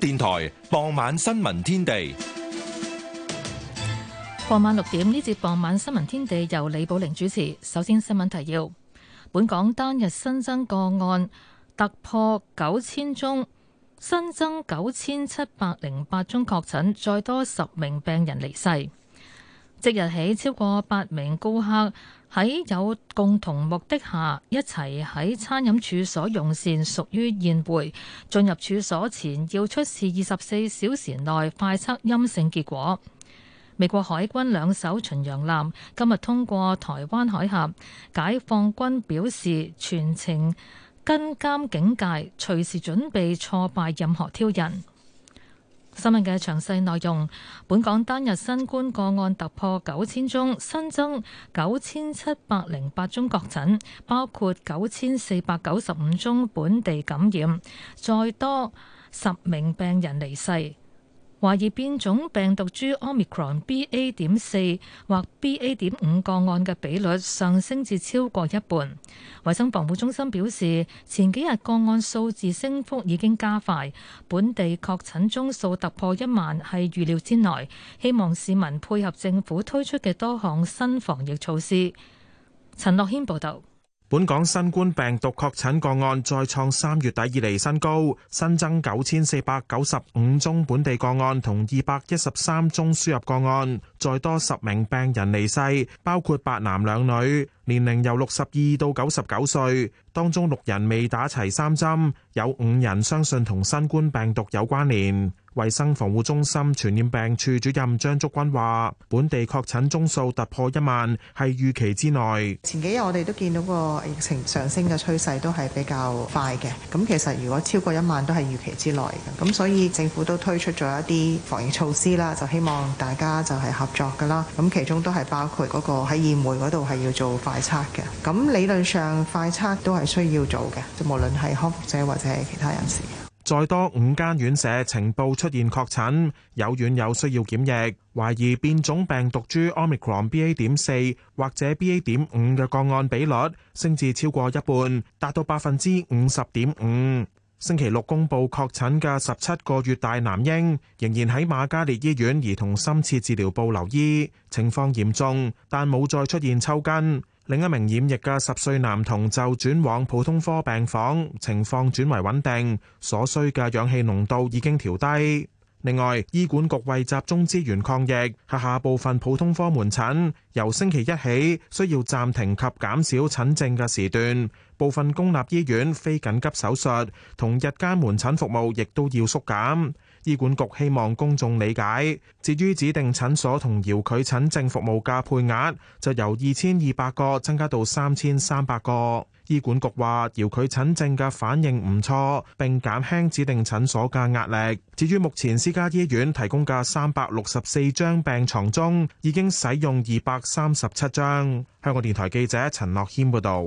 電台傍晚新聞天地，傍晚六點呢節傍晚新聞天地由李寶玲主持。首先新聞提要：本港單日新增個案突破九千宗，新增九千七百零八宗確診，再多十名病人離世。即日起，超過八名顧客。喺有共同目的下，一齊喺餐飲處所用膳屬於宴會。進入處所前要出示二十四小時內快測陰性結果。美國海軍兩艘巡洋艦今日通過台灣海峽。解放軍表示全程跟監警戒，隨時準備挫敗任何挑釁。新聞嘅詳細內容，本港單日新冠個案突破九千宗，新增九千七百零八宗確診，包括九千四百九十五宗本地感染，再多十名病人離世。懷疑變種病毒株 Omicron BA 點四或 BA 點五個案嘅比率上升至超過一半。衞生防護中心表示，前幾日個案數字升幅已經加快，本地確診宗數突破一萬係預料之內。希望市民配合政府推出嘅多項新防疫措施。陳樂軒報導。本港新冠病毒確診個案再創三月底以嚟新高，新增九千四百九十五宗本地個案，同二百一十三宗輸入個案，再多十名病人離世，包括八男兩女，年齡由六十二到九十九歲，當中六人未打齊三針，有五人相信同新冠病毒有關聯。衛生防護中心傳染病處主任張竹君話，本地確診宗數突破一萬係預期之內。前幾日我哋都見到個疫情上升嘅趨勢都係比較快嘅，咁其實如果超過一萬都係預期之內嘅，咁所以政府都推出咗一啲防疫措施啦，就希望大家就係合作㗎啦，咁其中都係包括嗰個喺宴會嗰度係要做快測嘅，咁理論上快測都係需要做嘅，就無論係康復者或者係其他人士。再多五間院舍呈報出現確診，有院友需要檢疫，懷疑變種病毒株 Omicron BA. 點四或者 BA. 點五嘅個案比率升至超過一半，達到百分之五十點五。星期六公布確診嘅十七個月大男嬰，仍然喺瑪嘉烈醫院兒童深切治療部留醫，情況嚴重，但冇再出現抽筋。另一名染疫嘅十歲男童就轉往普通科病房，情況轉為穩定，所需嘅氧氣濃度已經調低。另外，醫管局為集中資源抗疫，轄下部分普通科門診由星期一起需要暫停及減少診症嘅時段，部分公立醫院非緊急手術同日間門診服務亦都要縮減。醫管局希望公眾理解，至於指定診所同遙距診症服務嘅配額，就由二千二百個增加到三千三百個。醫管局話，遙距診症嘅反應唔錯，並減輕指定診所嘅壓力。至於目前私家醫院提供嘅三百六十四張病床中，已經使用二百三十七張。香港電台記者陳樂謙報道。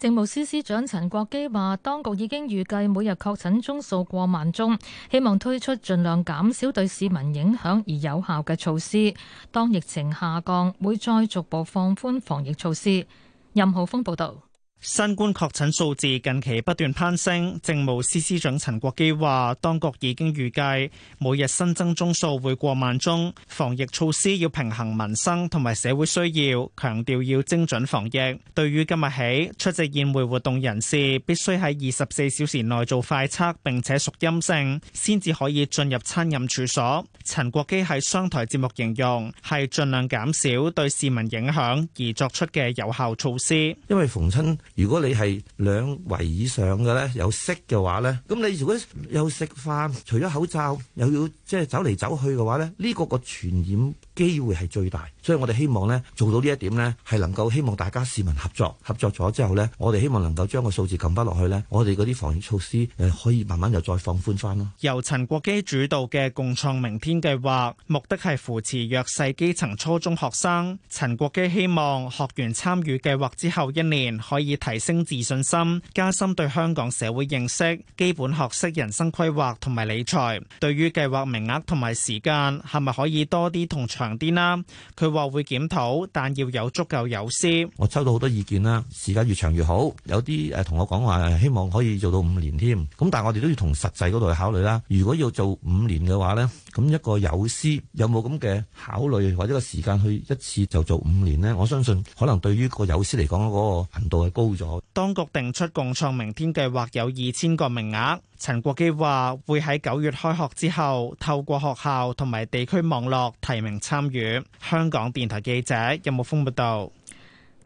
政務司司長陳國基話：當局已經預計每日確診宗數過萬宗，希望推出盡量減少對市民影響而有效嘅措施。當疫情下降，會再逐步放寬防疫措施。任浩峰報道。新冠確診數字近期不斷攀升，政務司司長陳國基話，當局已經預計每日新增宗數會過萬宗，防疫措施要平衡民生同埋社會需要，強調要精準防疫。對於今日起出席宴會活動人士，必須喺二十四小時內做快測，並且屬陰性，先至可以進入餐飲處所。陳國基喺商台節目形容，係盡量減少對市民影響而作出嘅有效措施。因為逢親。如果你係兩圍以上嘅咧，有色嘅話咧，咁你如果又食飯，除咗口罩，又要。即係走嚟走去嘅話咧，呢、呢個個傳染機會係最大，所以我哋希望咧做到呢一點咧，係能夠希望大家市民合作，合作咗之後呢，我哋希望能夠將個數字撳翻落去呢，我哋嗰啲防疫措施誒可以慢慢又再放寬翻咯。由陳國基主導嘅共創明天計劃，目的係扶持弱勢基層初中學生。陳國基希望學員參與計劃之後一年，可以提升自信心，加深對香港社會認識，基本學識人生規劃同埋理財。對於計劃明名額同埋時間係咪可以多啲同長啲啦？佢話會檢討，但要有足夠有私。我收到好多意見啦，時間越長越好。有啲誒同我講話希望可以做到五年添。咁但係我哋都要同實際嗰度去考慮啦。如果要做五年嘅話呢，咁一個有私，有冇咁嘅考慮或者個時間去一次就做五年呢？我相信可能對於個有私嚟講嗰個難度係高咗。當局定出共創明天計劃有二千個名額。陳國基話會喺九月開學之後，透過學校同埋地區網絡提名參與。香港電台記者任木峰報道。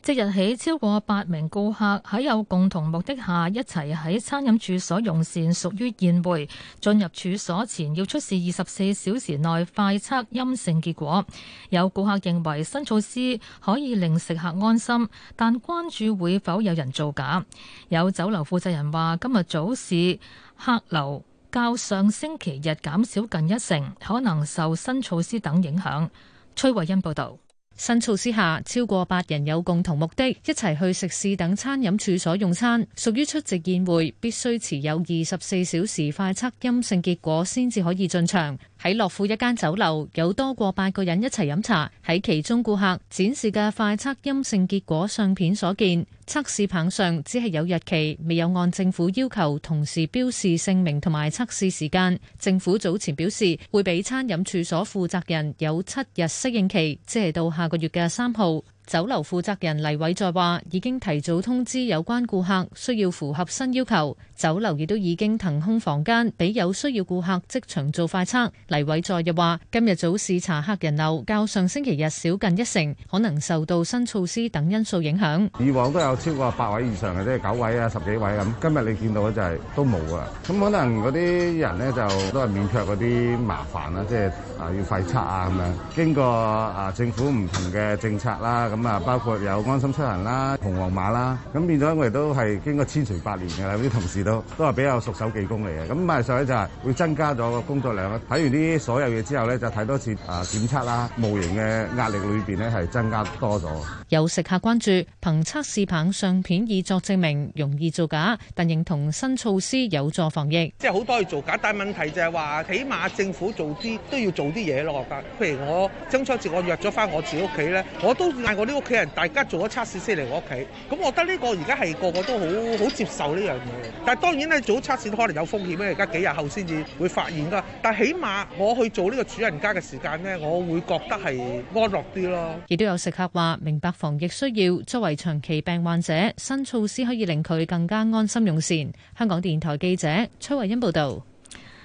即日起，超過八名顧客喺有共同目的下一齊喺餐飲處所用膳，屬於宴會。進入處所前要出示二十四小時內快測陰性結果。有顧客認為新措施可以令食客安心，但關注會否有人造假。有酒樓負責人話今日早市。客流較上星期日減少近一成，可能受新措施等影響。崔慧欣報導，新措施下，超過八人有共同目的一齊去食肆等餐飲處所用餐，屬於出席宴會，必須持有二十四小時快測陰性結果先至可以進場。喺樂富一間酒樓有多過八個人一齊飲茶，喺其中顧客展示嘅快測陰性結果相片所見，測試棒上只係有日期，未有按政府要求同時標示姓名同埋測試時間。政府早前表示會俾餐飲處所負責人有七日適應期，即係到下個月嘅三號。酒樓負責人黎偉在話，已經提早通知有關顧客，需要符合新要求。酒樓亦都已經騰空房間，俾有需要顧客即場做快測。黎偉在又話，今日早市查客人流較上星期日少近一成，可能受到新措施等因素影響。以往都有超過八位以上嘅，即係九位啊，十幾位咁。今日你見到嘅就係都冇啊。咁可能嗰啲人咧就都係勉強嗰啲麻煩啦，即係啊要快測啊咁樣。經過啊政府唔同嘅政策啦。咁啊，包括有安心出行啦、紅黃碼啦，咁變咗我哋都係經過千錘百煉嘅啦。啲同事都都係比較熟手技工嚟嘅。咁咪所以就係會增加咗個工作量咯。睇完啲所有嘢之後咧，就睇多次啊檢測啦、模型嘅壓力裏邊咧係增加多咗。有食客關注，憑測試棒相片以作證明，容易造假，但認同新措施有助防疫。即係好多嘢做假，但問題就係話，起碼政府做啲都要做啲嘢咯。我覺得，譬如我中秋節我約咗翻我自己屋企咧，我都嗌我啲屋企人，大家做咗測試先嚟我屋企。咁我覺得呢個而家係個個都好好接受呢樣嘢。但係當然咧，做測試都可能有風險咧。而家幾日後先至會發現㗎。但係起碼我去做呢個主人家嘅時間咧，我會覺得係安樂啲咯。亦都有食客話明白。防疫需要，作為長期病患者，新措施可以令佢更加安心用膳。香港電台記者崔慧欣報道。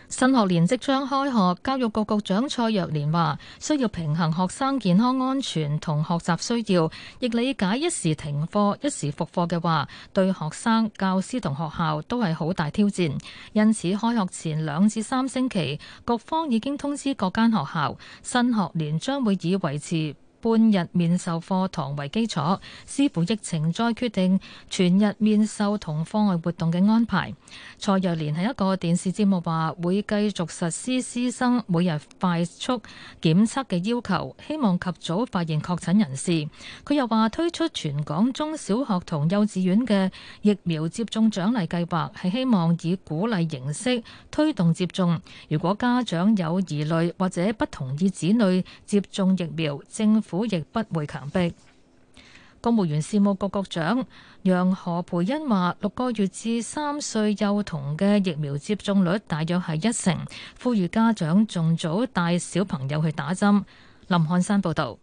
新學年即將開學，教育局局長蔡若蓮話：需要平衡學生健康安全同學習需要，亦理解一時停課、一時復課嘅話，對學生、教師同學校都係好大挑戰。因此，開學前兩至三星期，局方已經通知各間學校，新學年將會以維持。半日面授課堂為基礎，視乎疫情再決定全日面授同課外活動嘅安排。蔡若蓮係一個電視節目話，會繼續實施師生每日快速檢測嘅要求，希望及早發現確診人士。佢又話推出全港中小學同幼稚園嘅疫苗接種獎勵計劃，係希望以鼓勵形式推動接種。如果家長有疑慮或者不同意子女接種疫苗，政府亦不會強迫。公務員事務局局長楊何培恩話：六個月至三歲幼童嘅疫苗接種率大約係一成，呼籲家長盡早帶小朋友去打針。林漢山報導。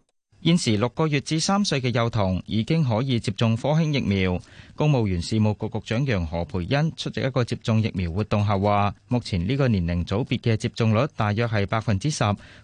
現時六個月至三歲嘅幼童已經可以接種科興疫苗。公務員事務局局長楊何培恩出席一個接種疫苗活動後話：目前呢個年齡組別嘅接種率大約係百分之十，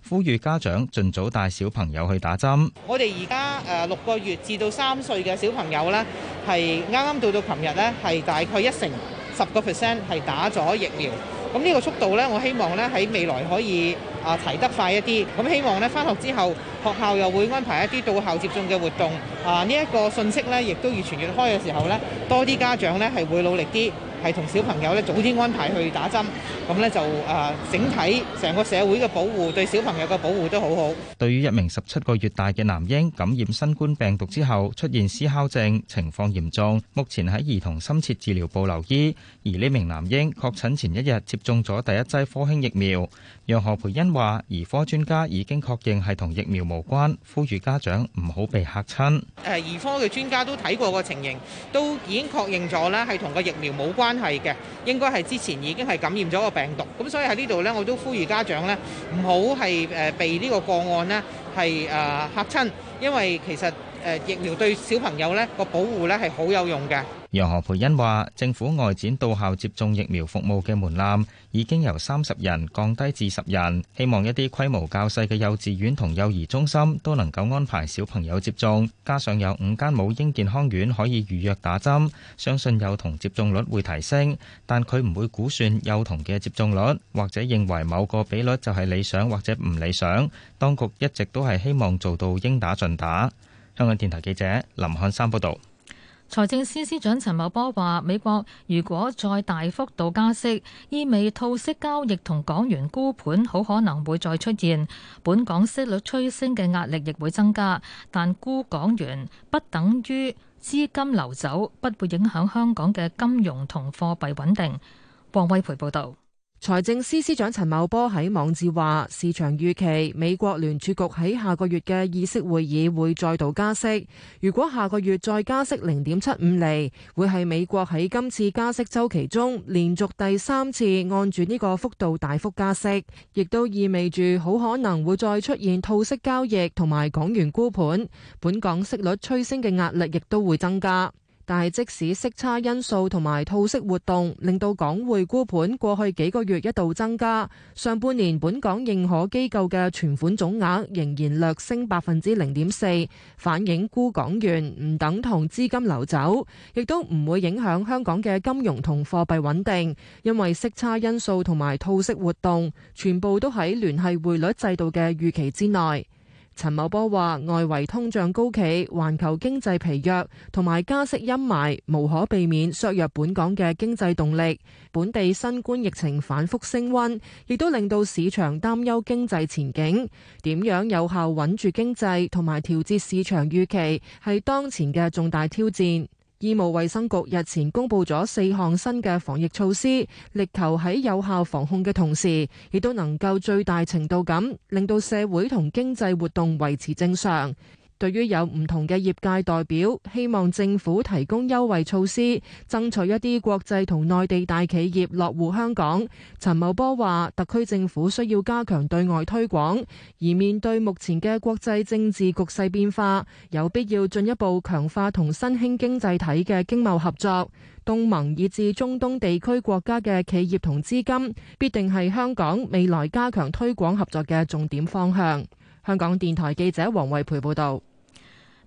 呼籲家長盡早帶小朋友去打針。我哋而家誒，六個月至到三歲嘅小朋友呢，係啱啱到到琴日呢，係大概一成十個 percent 係打咗疫苗。咁呢個速度咧，我希望咧喺未來可以啊提得快一啲。咁、啊、希望咧翻學之後，學校又會安排一啲到校接種嘅活動啊，呢、這、一個信息咧，亦都越傳，越開嘅時候咧，多啲家長咧係會努力啲。係同小朋友咧，早啲安排去打針，咁咧就誒整體成個社會嘅保護，對小朋友嘅保護都好好。對於一名十七個月大嘅男嬰感染新冠病毒之後出現嘶哮症，情況嚴重，目前喺兒童深切治療部留醫。而呢名男嬰確診前一日接種咗第一劑科興疫苗。楊何培恩話：兒科專家已經確認係同疫苗無關，呼籲家長唔好被嚇親。誒，兒科嘅專家都睇過個情形，都已經確認咗咧，係同個疫苗冇關係嘅，應該係之前已經係感染咗個病毒。咁所以喺呢度咧，我都呼籲家長咧唔好係誒被呢個個案咧係誒嚇親，因為其實誒疫苗對小朋友咧個保護咧係好有用嘅。楊何培恩話：政府外展到校接種疫苗服務嘅門檻已經由三十人降低至十人，希望一啲規模較細嘅幼稚園同幼兒中心都能夠安排小朋友接種。加上有五間母嬰健康院可以預約打針，相信幼童接種率會提升。但佢唔會估算幼童嘅接種率，或者認為某個比率就係理想或者唔理想。當局一直都係希望做到應打盡打。香港電台記者林漢山報道。財政司司長陳茂波話，美國如果再大幅度加息，意味套息交易同港元沽盤好可能會再出現，本港息率趨升嘅壓力亦會增加。但沽港元不等於資金流走，不會影響香港嘅金融同貨幣穩定。王威培報道。財政司司長陳茂波喺網誌話：市場預期美國聯儲局喺下個月嘅議息會議會再度加息。如果下個月再加息零點七五厘，會係美國喺今次加息週期中連續第三次按住呢個幅度大幅加息，亦都意味住好可能會再出現套息交易同埋港元沽盤，本港息率趨升嘅壓力亦都會增加。但係，即使息差因素同埋套息活動令到港匯沽盤過去幾個月一度增加，上半年本港認可機構嘅存款總額仍然略升百分之零點四，反映沽港元唔等同資金流走，亦都唔會影響香港嘅金融同貨幣穩定，因為息差因素同埋套息活動全部都喺聯繫匯率制度嘅預期之內。陳茂波話：外圍通脹高企、環球經濟疲弱同埋加息陰霾，無可避免削弱本港嘅經濟動力。本地新冠疫情反覆升溫，亦都令到市場擔憂經濟前景。點樣有效穩住經濟同埋調節市場預期，係當前嘅重大挑戰。醫務衛生局日前公布咗四項新嘅防疫措施，力求喺有效防控嘅同時，亦都能夠最大程度咁令到社會同經濟活動維持正常。對於有唔同嘅業界代表，希望政府提供優惠措施，爭取一啲國際同內地大企業落戶香港。陳茂波話：特區政府需要加強對外推廣，而面對目前嘅國際政治局勢變化，有必要進一步強化同新興經濟體嘅經貿合作，東盟以至中東地區國家嘅企業同資金，必定係香港未來加強推廣合作嘅重點方向。香港電台記者黃慧培報道。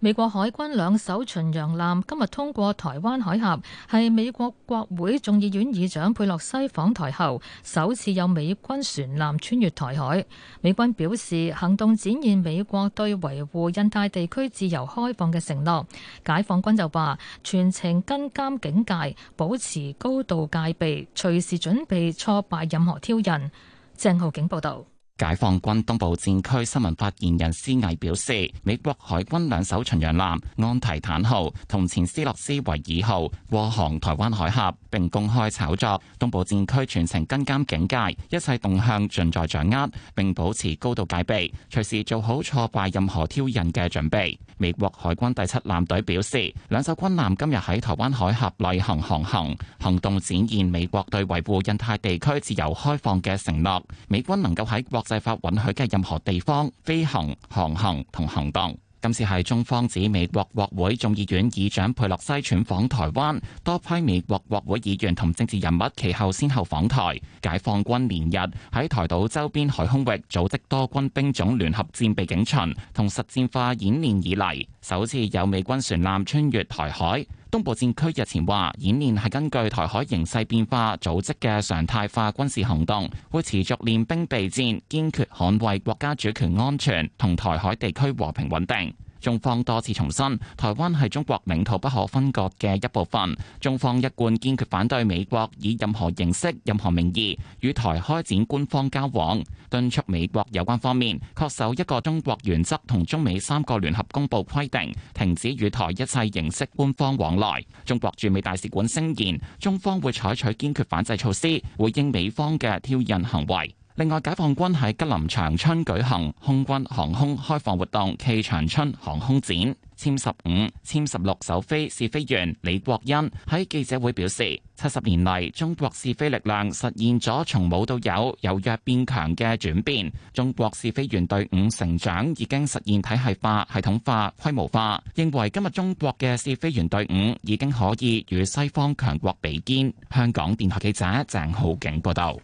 美國海軍兩艘巡洋艦今日通過台灣海峽，係美國國會眾議院議長佩洛西訪台後，首次有美軍船艦穿越台海。美軍表示行動展現美國對維護印太地區自由開放嘅承諾。解放軍就話全程跟監警戒，保持高度戒備，隨時準備挫敗任何挑釁。鄭浩景報導。解放軍東部戰區新聞發言人施毅表示，美國海軍兩艘巡洋艦安提坦號同前斯洛斯維爾號過航台灣海峽，並公開炒作。東部戰區全程跟監警戒，一切動向盡在掌握，並保持高度戒備，隨時做好挫敗任何挑釁嘅準備。美國海軍第七艦隊表示，兩艘軍艦今日喺台灣海峽例行航行，行動展現美國對維護印太地區自由開放嘅承諾。美軍能夠喺國製法允許嘅任何地方飛行、航行同行動，今次係中方指美國國會眾議院議長佩洛西竄訪台灣，多批美國國會議員同政治人物其後先後訪台。解放軍連日喺台島周邊海空域組織多軍兵種聯合戰備警巡同實戰化演練，以來，首次有美軍船艦穿越台海。東部戰區日前話，演練係根據台海形勢變化組織嘅常態化軍事行動，會持續練兵備戰，堅決捍衛國家主權安全同台海地區和平穩定。中方多次重申，台灣係中國領土不可分割嘅一部分。中方一貫堅決反對美國以任何形式、任何名義與台開展官方交往，敦促美國有關方面恪守一個中國原則同中美三個聯合公布規定，停止與台一切形式官方往來，中國駐美大使館聲言，中方會採取堅決反制措施，回應美方嘅挑釁行為。另外，解放軍喺吉林長春舉行空軍航空開放活動暨長春航空展。殲十五、殲十六首飛試飛員李國恩喺記者會表示，七十年嚟，中國試飛力量實現咗從冇到有、由弱變強嘅轉變，中國試飛員隊伍成長已經實現體系化、系統化、規模化。認為今日中國嘅試飛員隊伍已經可以與西方強國比肩。香港電台記者鄭浩景報道。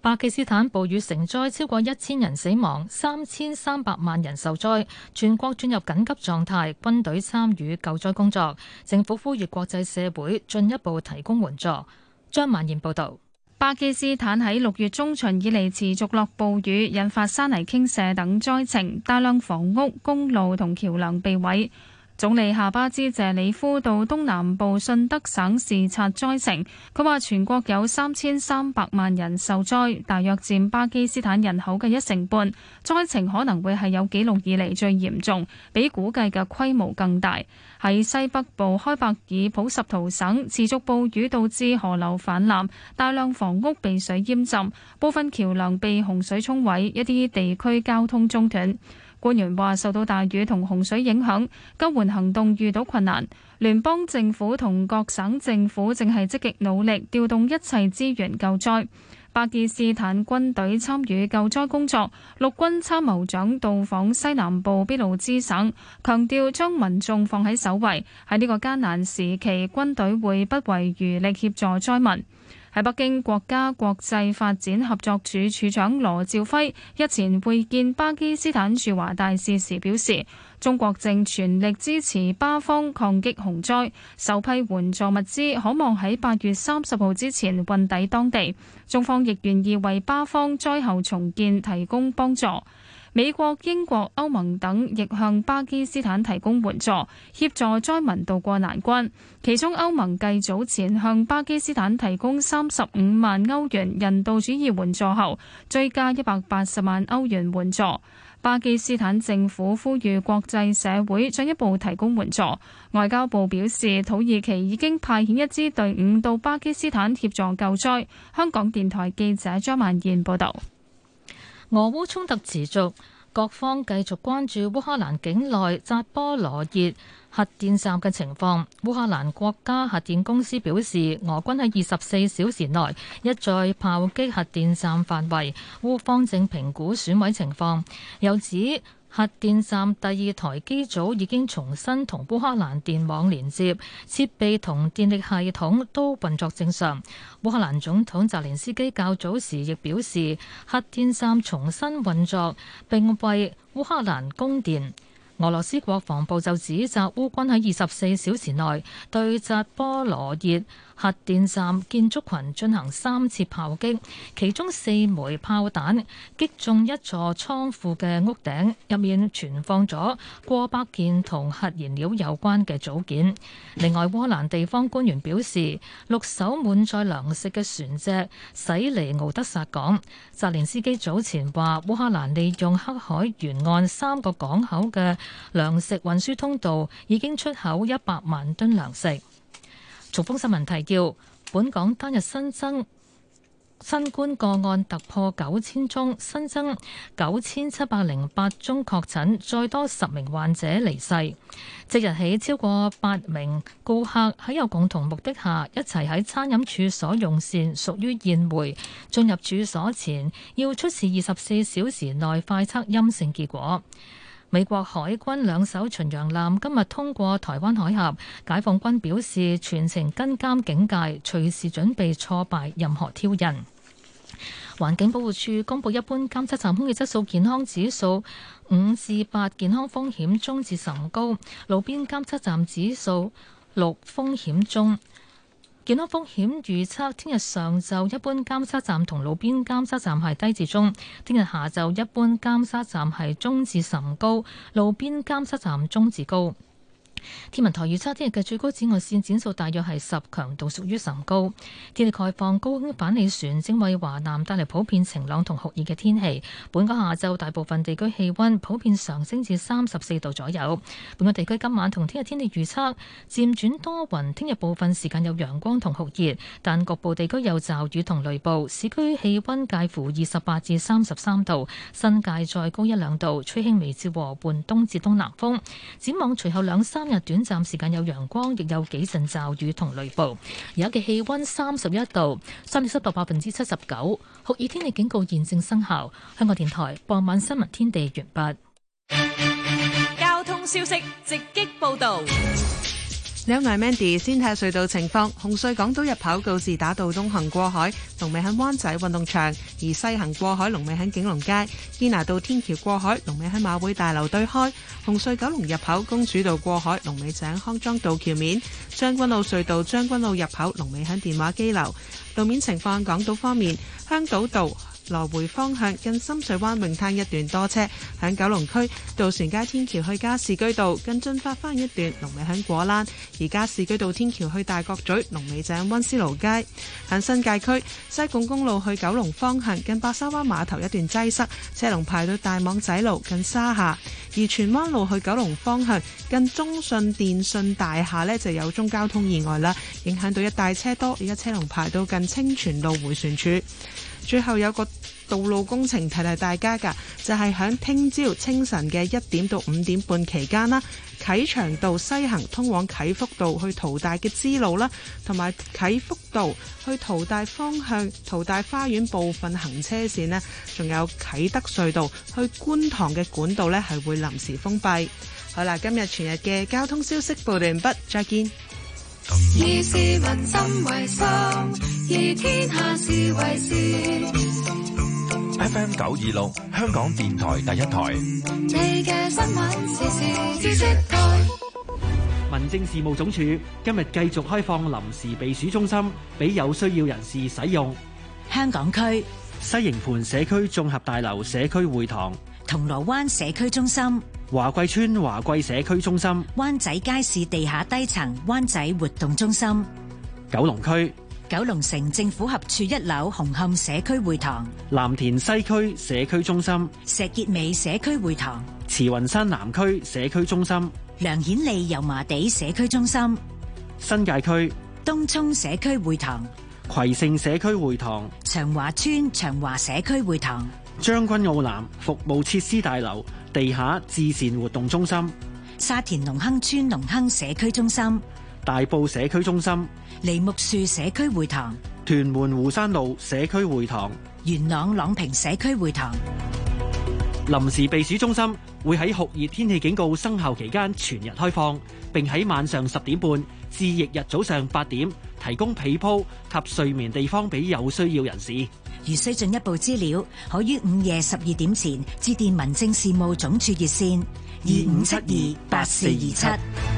巴基斯坦暴雨成災，超過一千人死亡，三千三百萬人受災，全國進入緊急狀態，軍隊參與救災工作，政府呼籲國際社會進一步提供援助。張曼燕報道，巴基斯坦喺六月中旬以嚟持續落暴雨，引發山泥傾瀉等災情，大量房屋、公路同橋樑被毀。總理夏巴茲謝里夫到東南部信德省視察災情，佢話全國有三千三百萬人受災，大約佔巴基斯坦人口嘅一成半，災情可能會係有紀錄以嚟最嚴重，比估計嘅規模更大。喺西北部開伯爾普什圖省，持續暴雨導致河流泛濫，大量房屋被水淹浸，部分橋樑被洪水沖毀，一啲地區交通中斷。官員話受到大雨同洪水影響，救援行動遇到困難。聯邦政府同各省政府正係積極努力，調動一切資源救災。巴基斯坦軍隊參與救災工作，陸軍參謀長到訪西南部俾路支省，強調將民眾放喺首位。喺呢個艱難時期，軍隊會不遺餘力協助災民。喺北京，國家國際發展合作署署長羅照輝日前會見巴基斯坦駐華大使時表示，中國正全力支持巴方抗擊洪災，首批援助物資可望喺八月三十號之前運抵當地。中方亦願意為巴方災後重建提供幫助。美國、英國、歐盟等亦向巴基斯坦提供援助，協助災民渡過難關。其中，歐盟繼早前向巴基斯坦提供三十五萬歐元人道主義援助後，追加一百八十萬歐元援助。巴基斯坦政府呼籲國際社會進一步提供援助。外交部表示，土耳其已經派遣一支隊伍到巴基斯坦協助救災。香港電台記者張曼燕報導。俄烏衝突持續，各方繼續關注烏克蘭境內扎波羅熱核電站嘅情況。烏克蘭國家核電公司表示，俄軍喺二十四小時內一再炮擊核電站範圍，烏方正評估損毀情況，又指，核電站第二台機組已經重新同烏克蘭電網連接，設備同電力系統都運作正常。烏克蘭總統澤連斯基較早時亦表示，核電站重新運作並為烏克蘭供電。俄羅斯國防部就指摘烏軍喺二十四小時內對扎波羅熱核電站建築群進行三次炮擊，其中四枚炮彈擊中一座倉庫嘅屋頂，入面存放咗過百件同核燃料有關嘅組件。另外，烏克蘭地方官員表示，六艘滿載糧食嘅船隻駛離奧德薩港。澤連斯基早前話烏克蘭利用黑海沿岸三個港口嘅糧食運輸通道，已經出口一百萬噸糧食。逐風新聞提要：「本港單日新增新冠個案突破九千宗，新增九千七百零八宗確診，再多十名患者離世。即日起，超過八名顧客喺有共同目的下一齊喺餐飲處所用膳，屬於宴會。進入處所前要出示二十四小時內快測陰性結果。美國海軍兩艘巡洋艦今日通過台灣海峽，解放軍表示全程跟監警戒，隨時準備挫敗任何挑釁。環境保護署公布一般監測站空氣質素健康指數五至八，健康風險中至甚高；路邊監測站指數六，風險中。健康風險預測：聽日上晝一般監測站同路邊監測站係低至中；聽日下晝一般監測站係中至甚高，路邊監測站中至高。天文台預測聽日嘅最高紫外線指數大約係十，強度屬於甚高。天氣概況高空反氣旋，正為華南帶嚟普遍晴朗同酷熱嘅天氣。本港下晝大部分地區氣温普遍上升至三十四度左右。本港地區今晚同聽日天氣預測漸轉多雲，聽日部分時間有陽光同酷熱，但局部地區有驟雨同雷暴。市區氣温介乎二十八至三十三度，新界再高一兩度。吹輕微至和緩東至東南風。展望隨後兩三。今日短暫時間有陽光，亦有幾陣驟雨同雷暴。而家嘅氣温三十一度，相對濕度百分之七十九，酷熱天氣警告現正生效。香港電台傍晚新聞天地完畢。交通消息直擊報道。兩位 Mandy 先睇下隧道情況，紅隧港島入口告士打道東行過海龍尾喺灣仔運動場，而西行過海龍尾喺景隆街；堅拿道天橋過海龍尾喺馬會大樓對開，紅隧九龍入口公主道過海龍尾喺康莊道橋面，將軍澳隧道將軍澳入口龍尾喺電話機樓。路面情況，港島方面，香島道。來回方向近深水灣泳灘一段多車，響九龍區渡船街天橋去加士居道近駿發花園一段龍尾響果欄，而加士居道天橋去大角咀龍尾井溫斯勞街，響新界區西貢公路去九龍方向近白沙灣碼頭一段擠塞，車龍排到大網仔路近沙下，而荃灣路去九龍方向近中信電信大廈呢就有中交通意外啦，影響到一大車多，而家車龍排到近清泉路回旋處。最後有個。道路工程提提大家噶，就係喺聽朝清晨嘅一點到五點半期間啦，啟祥道西行通往啟福道去淘大嘅支路啦，同埋啟福道去淘大方向淘大花園部分行車線呢，仲有啟德隧道去觀塘嘅管道呢係會臨時封閉。好啦，今日全日嘅交通消息報完畢，再見。FM 九二六，香港電台第一台。你嘅新聞時事知識台。民政事務總署今日繼續開放臨時避暑中心，俾有需要人士使用。香港區西營盤社區綜合大樓社區會堂、銅鑼灣社區中心、華貴村華貴社區中心、灣仔街市地下低層灣仔活動中心、九龍區。九龍城政府合署一樓紅磡社區會堂、藍田西區社區中心、石硖尾社區會堂、慈雲山南區社區中心、梁顯利油麻地社區中心、新界區東涌社區會堂、葵盛社區會堂、長華邨長華社區會堂、將軍澳南服務設施大樓地下至善活動中心、沙田隆亨邨隆亨社區中心。大埔社區中心、梨木樹社區會堂、屯門湖山路社區會堂、元朗朗平社區會堂，臨時避暑中心會喺酷熱天氣警告生效期間全日開放，並喺晚上十點半至翌日早上八點提供被鋪及睡眠地方畀有需要人士。如需進一步資料，可於午夜十二點前致電民政事務總署熱線二五七二八四二七。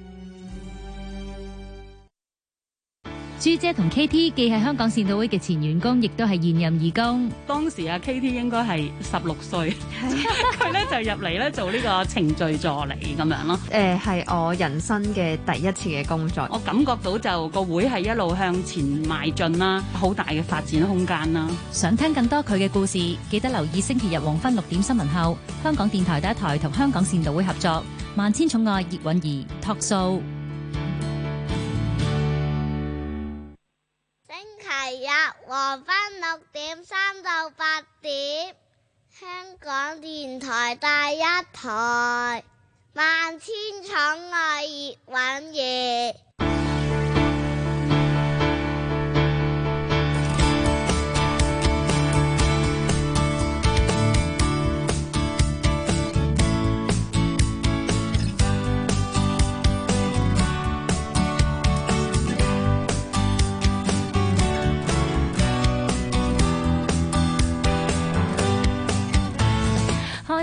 朱姐同 KT 既係香港善導會嘅前員工，亦都係現任義工。當時啊，KT 應該係十六歲，佢咧 就入嚟咧做呢個程序助理咁樣咯。誒、呃，係我人生嘅第一次嘅工作，我感覺到就個會係一路向前邁進啦，好大嘅發展空間啦。想聽更多佢嘅故事，記得留意《星期日黃昏六點新聞》後，香港電台第一台同香港善導會合作《萬千寵愛葉韻儀 Talk Show》。日黃昏六點三到八點，香港電台第一台《萬千寵愛葉玩儀》。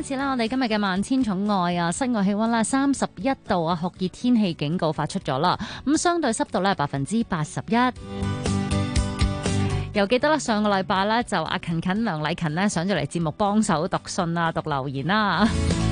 開始啦！我哋今日嘅萬千寵愛啊，室外氣溫啦三十一度啊，酷熱天氣警告發出咗啦。咁相對濕度咧百分之八十一。 又記得啦，上個禮拜咧就阿、啊、勤勤梁禮勤咧、啊、上咗嚟節目幫手讀信啊，讀留言啦、啊。